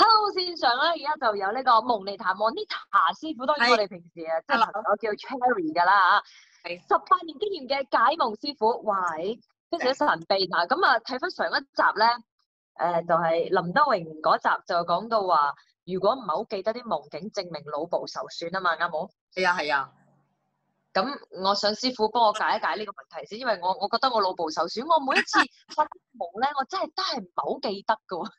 Hello，線上咧，而家就有呢個蒙尼、嗯、塔 （Monita） 師傅，當然我哋平時啊即係我叫 Cherry 噶啦吓。十八的年經驗嘅解夢師傅，喂，非常之神秘嗱。咁啊的，睇翻上一集咧，誒、呃，就係、是、林德榮嗰集，就講到話，如果唔係好記得啲夢境，證明腦部受損啊嘛，啱冇？係啊係啊。咁我想師傅幫我解一解呢個問題先， 因為我我覺得我腦部受損，我每一次發夢咧，我真係都係唔係好記得噶喎。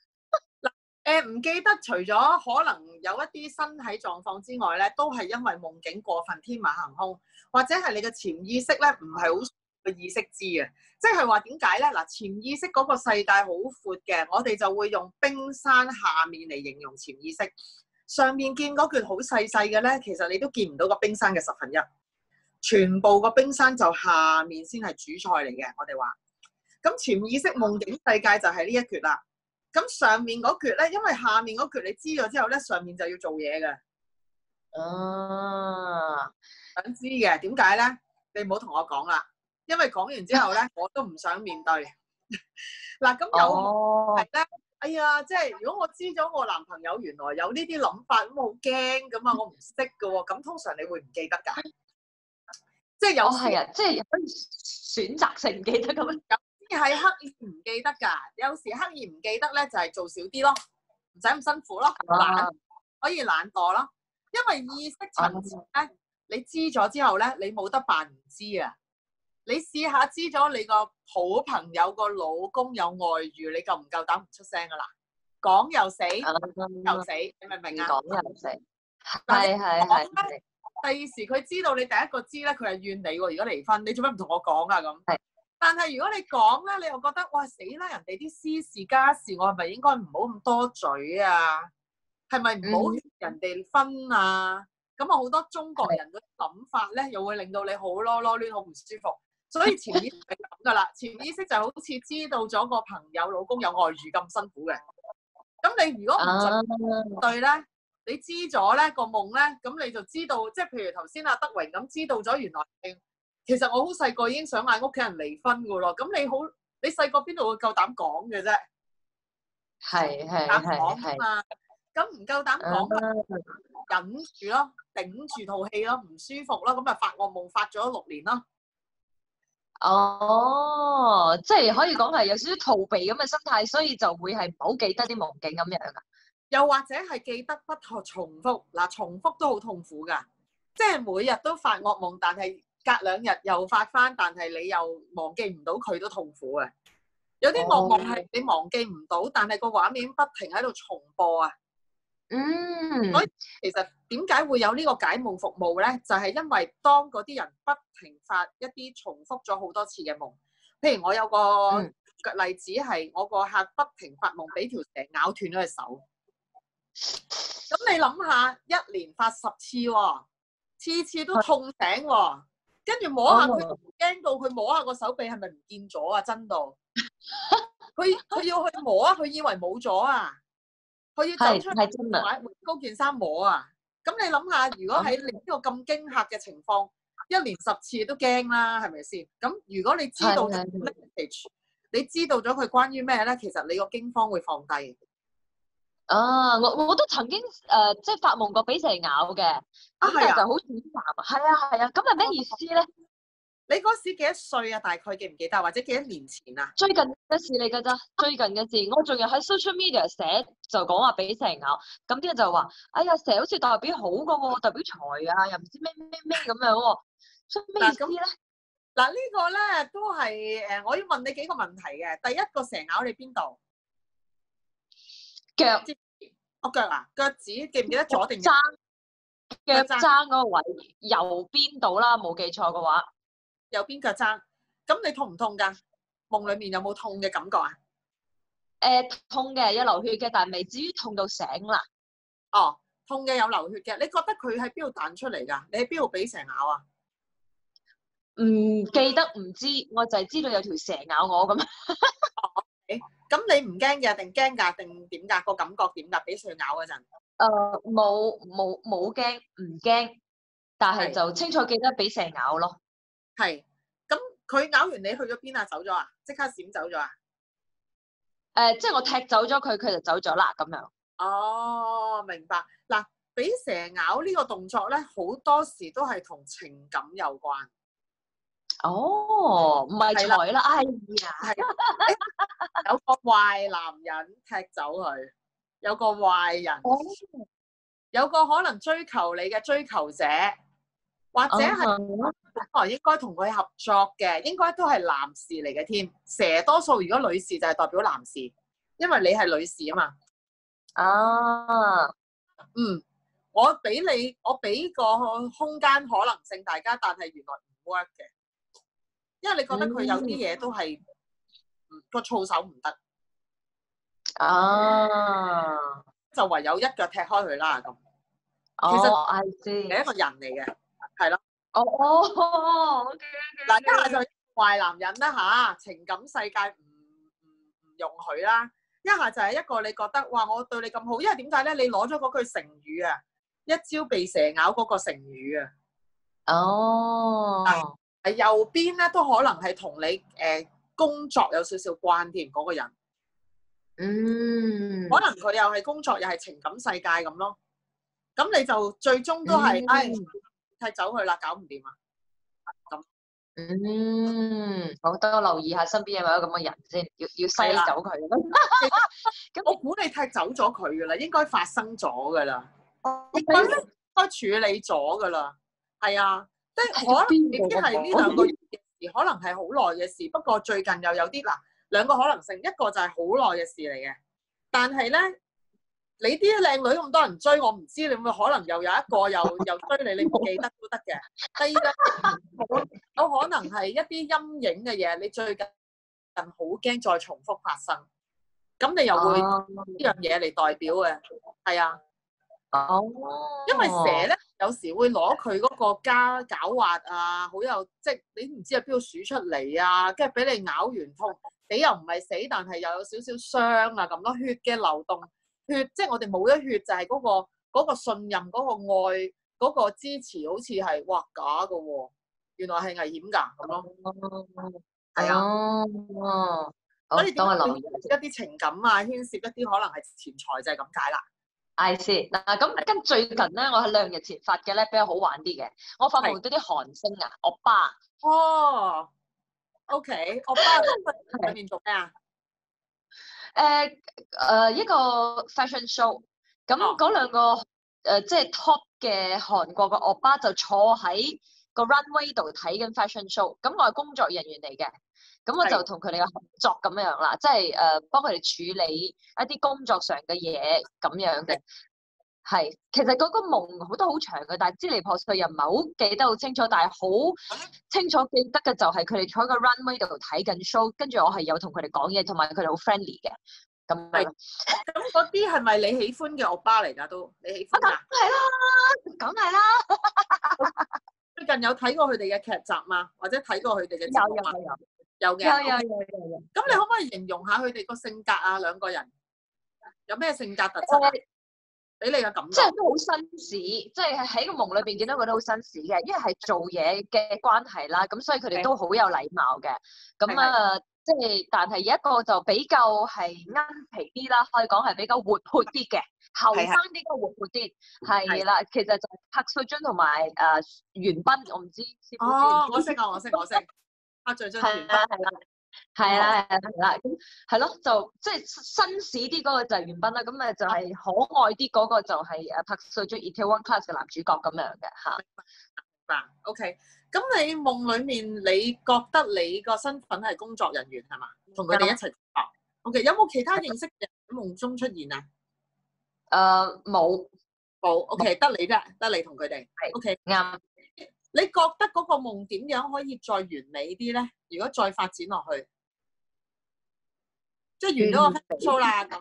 唔記得除咗可能有一啲身體狀況之外咧，都係因為夢境過分天馬行空，或者係你嘅潛意識咧唔係好意識知嘅，即係話點解咧？嗱，潛意識嗰個世界好闊嘅，我哋就會用冰山下面嚟形容潛意識，上面見嗰橛好細細嘅咧，其實你都見唔到個冰山嘅十分一，全部個冰山就下面先係主菜嚟嘅，我哋話，咁潛意識夢境世界就係呢一橛啦。咁上面嗰橛咧，因為下面嗰橛你知咗之後咧，上面就要做嘢噶。嗯、啊，想知嘅，點解咧？你唔好同我講啦，因為講完之後咧， 我都唔想面對。嗱， 咁有係咧？哎呀，即係如果我知咗我男朋友原來有呢啲諗法，咁我好驚噶嘛？我唔識噶，咁 通常你會唔記得噶、 哦啊？即係有時，即係可以選擇性唔記得咁樣。 係刻意唔記得噶，有時刻意唔記得咧，就係做少啲咯，唔使咁辛苦咯，啊、可以懶惰咯，因為意識層次咧、啊，你知咗之後咧，你冇得扮唔知啊！你試下知咗你個好朋友個老公有外遇，你夠唔夠膽唔出聲噶啦？講又死，啊、又死，你明唔明啊？講又唔死，係係係。第二時佢知道你第一個知咧，佢係怨你喎。如果離婚，你做咩唔同我講啊？咁。但係如果你講咧，你又覺得哇死啦！人哋啲私事家事，我係咪應該唔好咁多嘴啊？係咪唔好人哋分啊？咁啊好多中國人嘅諗法咧，又會令到你好囉囉攣，好唔舒服。所以潛意識係咁噶啦，潛意識就好似知道咗個朋友老公有外遇咁辛苦嘅。咁你如果唔準對咧，啊、你知咗咧、個夢咧，咁你就知道，即係譬如頭先阿德榮咁，知道咗原來。其實我好細個已經想嗌屋企人離婚噶咯，咁你好，你細個邊度會夠膽講嘅啫？係係係啊，咁唔夠膽講，忍住咯，頂住套戲咯，唔舒服咯，咁咪發噩夢，發咗六年咯。哦，即係可以講係有少少逃避咁嘅心態，所以就會係唔好記得啲夢境咁樣噶，又或者係記得不斷重複嗱，重複都好痛苦噶，即係每日都發噩夢，但係。隔兩日又發翻，但係你又忘記唔到佢都痛苦啊！有啲噩夢係你忘記唔到，但係個畫面不停喺度重播啊！嗯，所以其實點解會有呢個解夢服務咧？就係、是、因為當嗰啲人不停發一啲重複咗好多次嘅夢，譬如我有個例子係、嗯、我個客不停發夢，俾條蛇咬斷咗隻手。咁你諗下，一連發十次喎，次次都痛醒喎。跟住摸下佢，驚、oh、my 到佢摸下個手臂係咪唔見咗啊？真到！佢佢 要去摸，佢以為冇咗啊！佢要走出嚟買高件衫摸啊！咁你諗下，如果喺呢個咁驚嚇嘅情況，一年十次都驚啦，係咪先？咁如果你知道你知道咗佢關於咩咧，其實你個驚慌會放低。啊，我我都曾經誒、呃，即係發夢過俾蛇咬嘅，咁但係就好似啲男啊，係啊係啊，咁係咩意思咧？你嗰時幾多歲啊？大概記唔記得，或者幾多年前啊？最近一事嚟噶咋？最近嘅事，我仲要喺 social media 寫，就講話俾蛇咬，咁啲人就話：哎呀，蛇好似代表好嘅喎，代表財啊，又唔知咩咩咩咁樣喎、啊，所以咩意思咧？嗱、啊，啊這個、呢個咧都係誒，我要問你幾個問題嘅。第一個蛇咬你邊度？腳。我腳、哦、啊，腳趾記唔記得左定右？腳踭嗰個位，右邊度啦，冇記錯嘅話。右邊腳踭。咁你痛唔痛噶夢裏面有冇痛嘅感覺啊？誒、呃，痛嘅，有流血嘅，但係未至於痛到醒啦。哦，痛嘅有流血嘅，你覺得佢喺邊度彈出嚟噶你喺邊度俾蛇咬啊？唔、嗯、記得，唔知，我就係知道有條蛇咬我咁。 Okay. 咁你唔驚嘅，定驚㗎，定點㗎？個感覺點㗎，俾蛇咬嗰陣？誒，冇冇冇驚，唔驚，但係就清楚記得俾蛇咬咯。係，咁佢咬完你去咗邊啊？走咗啊、呃？即刻閃走咗啊？誒，即係我踢走咗佢，佢就走咗啦咁樣。哦，明白。嗱，俾蛇咬呢個動作咧，好多時都係同情感有關。哦，唔係女啦，的哎呀，的 有個壞男人踢走佢，有個壞人，欸、有個可能追求你嘅追求者，或者係、哦、應該同佢合作嘅，應該都係男士嚟嘅添。蛇多數如果女士就係代表男士，因為你係女士啊嘛。啊，嗯，我俾你，我俾個空間可能性大家，但係原來唔 work 嘅。因為你覺得佢有啲嘢都係個操守唔得啊，就唯有一腳踢開佢啦咁。其實係先你一個人嚟嘅，係咯。哦哦，OK OK。嗱，一係就壞男人啦嚇，情感世界唔唔唔容許啦。一係就係一個你覺得哇，我對你咁好。因為點解咧？你攞咗嗰句成語啊，一朝被蛇咬嗰個成語啊。哦。係右邊咧，都可能係同你誒、呃、工作有少少關係嗰，那個人，嗯，可能佢又係工作，又係情感世界咁咯。咁你就最終都係唉、嗯、哎，踢走佢啦，搞唔掂啊！咁，嗯，好，多留意一下身邊有冇咁嘅人先，要要篩走佢。咁的 我估你踢走咗佢噶啦，應該發生咗噶啦，是的應該處理咗噶啦，係啊。可能已經係呢兩個月嘅事，可能係好耐嘅事。不過最近又有啲嗱，兩個可能性，一個就係好耐嘅事嚟嘅。但係咧，你啲靚女咁多人追，我唔知你會可能又有一個又又追你，你唔記得都得嘅。 第二個有可能係一啲陰影嘅嘢，你最近好驚再重複發生。咁你又會呢樣嘢嚟代表嘅，係啊。 哦，oh. 因為蛇咧，有時會攞佢嗰個家狡猾啊，好有即係你唔知係邊度鼠出嚟啊，跟住俾你咬完痛，你又唔係死，但係又有少少傷啊咁多血嘅流動，血即係我哋冇咗血就係、是、嗰、那個、那個信任、嗰、那個愛、嗰、那個支持，好似係畫假嘅喎、啊。原來係危險噶咁咯，係啊。哦、oh. 啊，哎 oh. 所以點解一啲情感啊，牽、oh. 涉一啲可能係錢財就係咁解啦。I see，嗱，咁跟最近咧，我喺兩日前發嘅咧比較好玩啲嘅，我發夢到啲韓星啊，歐 Okay. 巴哦、oh，OK，歐 巴喺入面做咩啊？誒誒、呃呃、一個 fashion show，咁嗰兩個即係、呃就是、top 嘅韓國嘅歐巴就坐喺個 runway 度睇緊 fashion show，咁我係工作人員嚟嘅。咁我就同佢哋嘅合作咁樣啦，是即係誒、呃、幫佢哋處理一啲工作上嘅嘢咁樣嘅，係是其實嗰個夢好多好長嘅，但係支離破碎又唔係好記得好清楚，但係好清楚記得嘅就係佢哋坐喺個 runway 度睇緊 show，跟住我係有同佢哋講嘢，同埋佢哋好 friendly 嘅，咁係咁，嗰啲係咪你喜歡嘅歐巴嚟㗎都，你喜歡嘅啊？係啦，梗係啦。 最近有睇過佢哋嘅劇集嘛，或者睇過佢哋嘅節目有？有有有。有嘅，有嘅有嘅有有有。咁你可唔可以形容下佢哋個性格啊？兩個人有咩性格特質？俾你嘅感覺？即係都好紳士，即係喺、就是、個夢裏邊見到佢都好紳士嘅，因為係做嘢嘅關係啦。咁所以佢哋都好有禮貌嘅。咁啊的、嗯，即係但係一個就比較係啱皮啲啦，可以講係比較活潑啲嘅，後生啲嘅活潑啲。係啦的，其實就黑帥尊同埋誒袁彬，我唔知，師傅知唔知、哦、我識啊，我識我識。我拍最最元彬係啦，係啦係啦咁係咯，就即係紳士啲嗰個就係元彬啦，咁、就是、啊就係可愛啲嗰個就係、是、誒、啊、拍最最《It's a One Class》嘅男主角咁樣嘅吓。嗱、啊、OK，咁你夢裏面你覺得你個身份係工作人員係嘛？同佢哋一齊。哦，OK，有冇其他認識嘅夢中出現啊？誒、呃，冇，冇，OK，沒得你啫，得你同佢哋，OK，啱。嗯你覺得嗰個夢點樣可以再完美啲咧？如果再發展落去，即係完咗個 show 啦，咁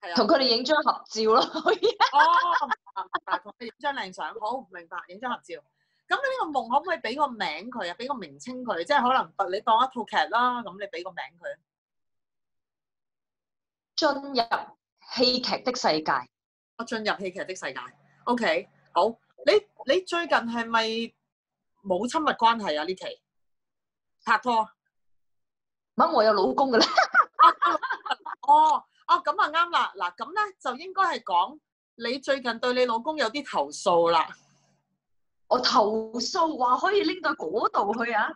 係啊，同佢哋影張合照咯，可以哦，同佢影張靚相，好明白，影張合照。咁你呢個夢可唔可以俾個名佢啊？俾個名稱佢，即係可能你當，你當一套劇啦，咁你俾個名佢。進入戲劇的世界，我進入戲劇的世界。OK，好。你你最近係咪冇親密關係啊？呢期拍拖，乜我有老公噶啦？哦哦，咁啊啱啦！嗱咁咧，就應該係講你最近對你老公有啲投訴啦。我投訴話可以拎到嗰度去啊？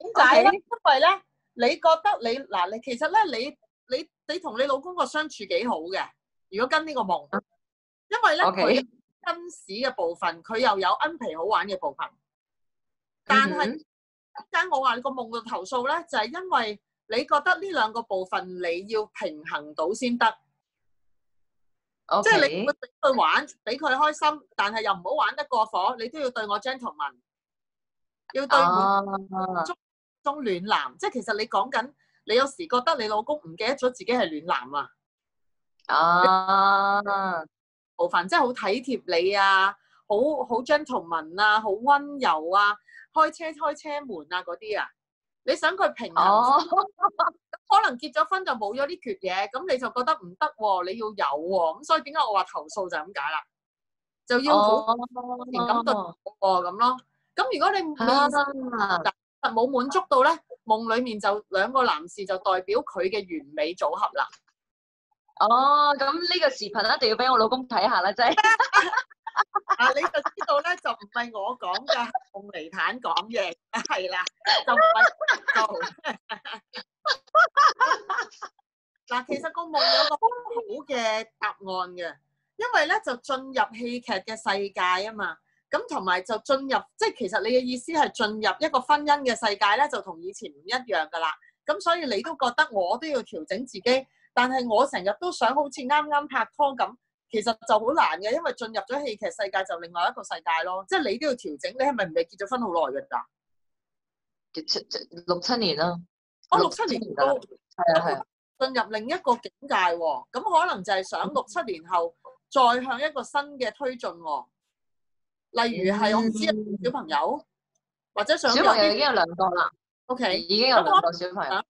點解咧？因為咧，你覺得你嗱，你其實咧，你你你同你老公個相處幾好嘅？如果跟呢個夢，因為咧佢。紳士嘅部分，佢又有恩皮好玩嘅部分，但係，而家、mm hmm. 我話你個夢嘅投訴咧，就係、是、因為你覺得呢兩個部分你要平衡到先得，即係 Okay. 你唔會俾佢玩，俾佢開心，但係又唔好玩得過火，你都要對我 gentleman，要對中中暖男，即係其實你講緊，你有時覺得你老公唔記得咗自己係暖男啊，啊。Ah. 冇份，即係好體貼你啊，好好 gentleman 啊，好溫柔啊，開車開車門啊嗰啲啊，你想佢平啊？哦、可能結咗婚就冇咗啲缺嘢，咁你就覺得唔得喎，你要有喎、啊，咁所以點解我話投訴就係咁解啦，就要好情感對抗喎咁咯。咁、哦、如果你現實冇滿足到咧，夢裡面就兩個男士就代表佢嘅完美組合啦。哦，咁呢，oh, 個視頻一定要俾我老公睇下啦，即係，啊 你就知道咧，就唔係我講噶，用泥坦講嘢，係啦，就唔係嗱， 其實個夢有個好好嘅答案嘅，因為咧就進入戲劇嘅世界啊嘛，咁同埋就進入，即、就、係、是、其實你嘅意思係進入一個婚姻嘅世界咧，就同以前唔一樣噶啦，咁所以你都覺得我都要調整自己。但係我成日都想好似啱啱拍拖咁，其實就好難嘅，因為進入咗戲劇世界就另外一個世界咯。即係你都要調整，你係咪唔係結咗婚好耐嘅咋？結七六七年啦。我六七年。係啊係啊。進入另一個境界喎，咁可能就係想六七年後再向一個新嘅推進喎。例如係我唔知小朋友，或者想小朋友已經有兩個啦。OK，已經有兩個小朋友。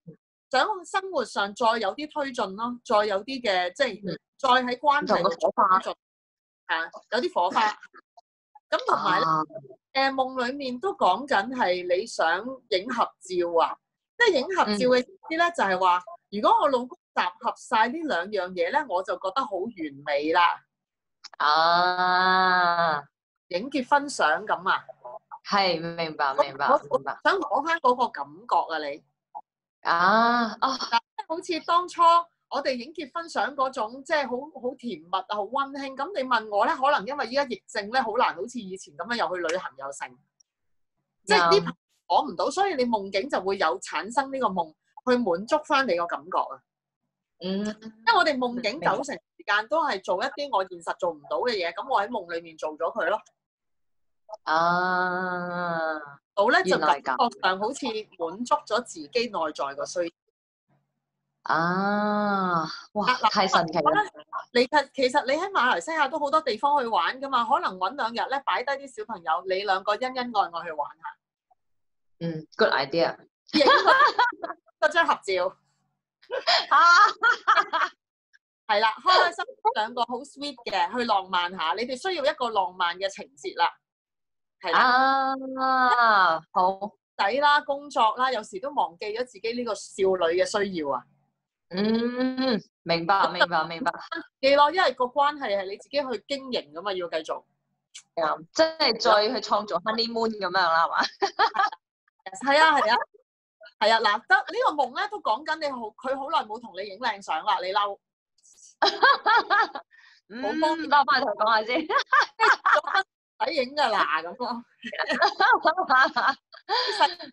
想喺生活上再有啲推進咯，再有啲嘅即係再喺關係嘅火花，啊，有啲火花。咁同埋咧，誒、啊呃、夢裡面都講緊係你想影合照啊，即係影合照嘅意思咧就係話，嗯、如果我老公集合晒呢兩樣嘢咧，我就覺得好完美啦。啊，影結婚相咁啊？係，明白，明白，明白。想講返嗰個感覺啊，你？啊哦，啊好似當初我哋影結婚相嗰種，即係好好甜蜜啊，好溫馨。咁你問我咧，可能因為依家疫症咧，好難好似以前咁樣又去旅行又成，嗯、即係啲朋友講唔到，所以你夢境就會有產生呢個夢去滿足翻你個感覺啊。嗯，因為我哋夢境九成時間都係做一啲我現實做唔到嘅嘢，咁我喺夢裏面做咗佢咯。啊。好咧，就感覺上好似滿足咗自己內在嘅需要。啊，哇，太神奇！你其實你喺馬來西亞都好多地方去玩㗎嘛，可能揾兩日咧，擺低啲小朋友，你兩個恩恩愛愛去玩下。嗯，good idea。影個 張合照。吓 了，係啦，開開心心兩個好 sweet 嘅，去浪漫下。你哋需要一個浪漫嘅情節啦。係啦、啊，好抵啦，工作啦，有時都忘記咗自己呢個少女嘅需要啊。嗯，明白，明白，明白。記落，因為個關係係你自己去經營噶嘛，要繼續。係啊，即係再去創造 honeymoon 咁樣啦，係嘛的？係啊，係啊，係啊。 嗱，得呢、呢個夢咧都講緊你好，佢好耐冇同你影靚相啦，你嬲？好、嗯，唔得寶，翻去同佢講下先。 睇影噶啦咁咯，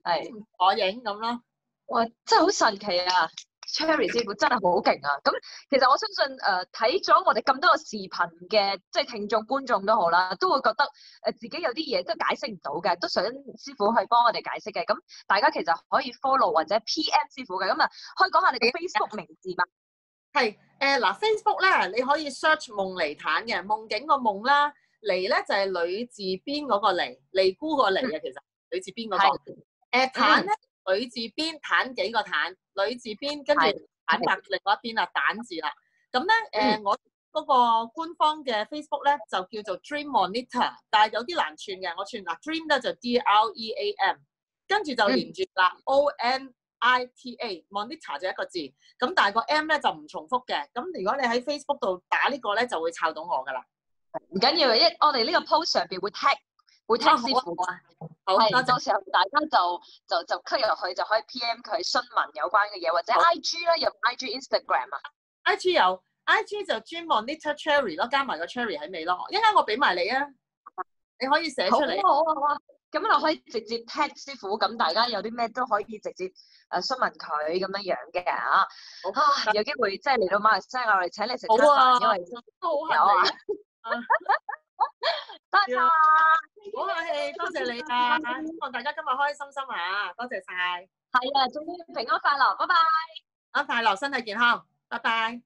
係我影咁啦。哇，真係好神奇啊！Cherry 師傅真係好勁啊！咁其實我相信誒睇咗我哋咁多個視頻嘅，即係聽眾觀眾都好啦，都會覺得誒自己有啲嘢都解釋唔到嘅，都想師傅去幫我哋解釋嘅。咁大家其實可以 follow 或者 PM 師傅嘅，咁啊可以講下你哋 Facebook 名字嘛？係誒嗱，Facebook 咧你可以 search 夢泥坦嘅夢境個夢啦。嚟咧就係、是、女字邊嗰個嚟，尼姑個嚟嘅、啊、其實女字邊嗰個。誒蛋咧，女字邊蛋幾個蛋，女字邊跟住蛋白另一邊啊，蛋字啦。咁咧誒，我嗰個官方嘅 Facebook 咧就叫做 Dream Monitor，但係有啲難串嘅，我串嗱，Dream 咧就 D-R-E-A-M，跟住就連住嗱、嗯、O-N-I-T-A，Monitor 就一個字。咁但係個 M 咧就唔重複嘅。咁如果你喺 Facebook 度打個呢個咧，就會抄到我噶啦。唔緊要啊，一我哋呢個 post 上邊會 tag 會 tag 師傅啊，係、啊，到時候大家就就就，就 click 入去就可以 PM 佢詢問有關嘅嘢，或者 IG 啦好，有 IG Instagram 啊，IG 有，IG 就專望 little cherry 咯，加埋個 cherry 喺尾咯，一陣我俾埋你啊，你可以寫出嚟，好啊好啊好啊，咁就可以直接 tag 師傅，咁大家有啲咩都可以直接誒詢、呃、問佢咁樣樣嘅啊，有機會即係嚟到馬來西亞我哋請你食餐飯，啊、因為有、啊。多謝，唔好客氣，多謝你啊！希望大家今日開心心啊！多謝晒，係啊，祝平安快樂，拜拜！安快樂，身體健康，拜拜。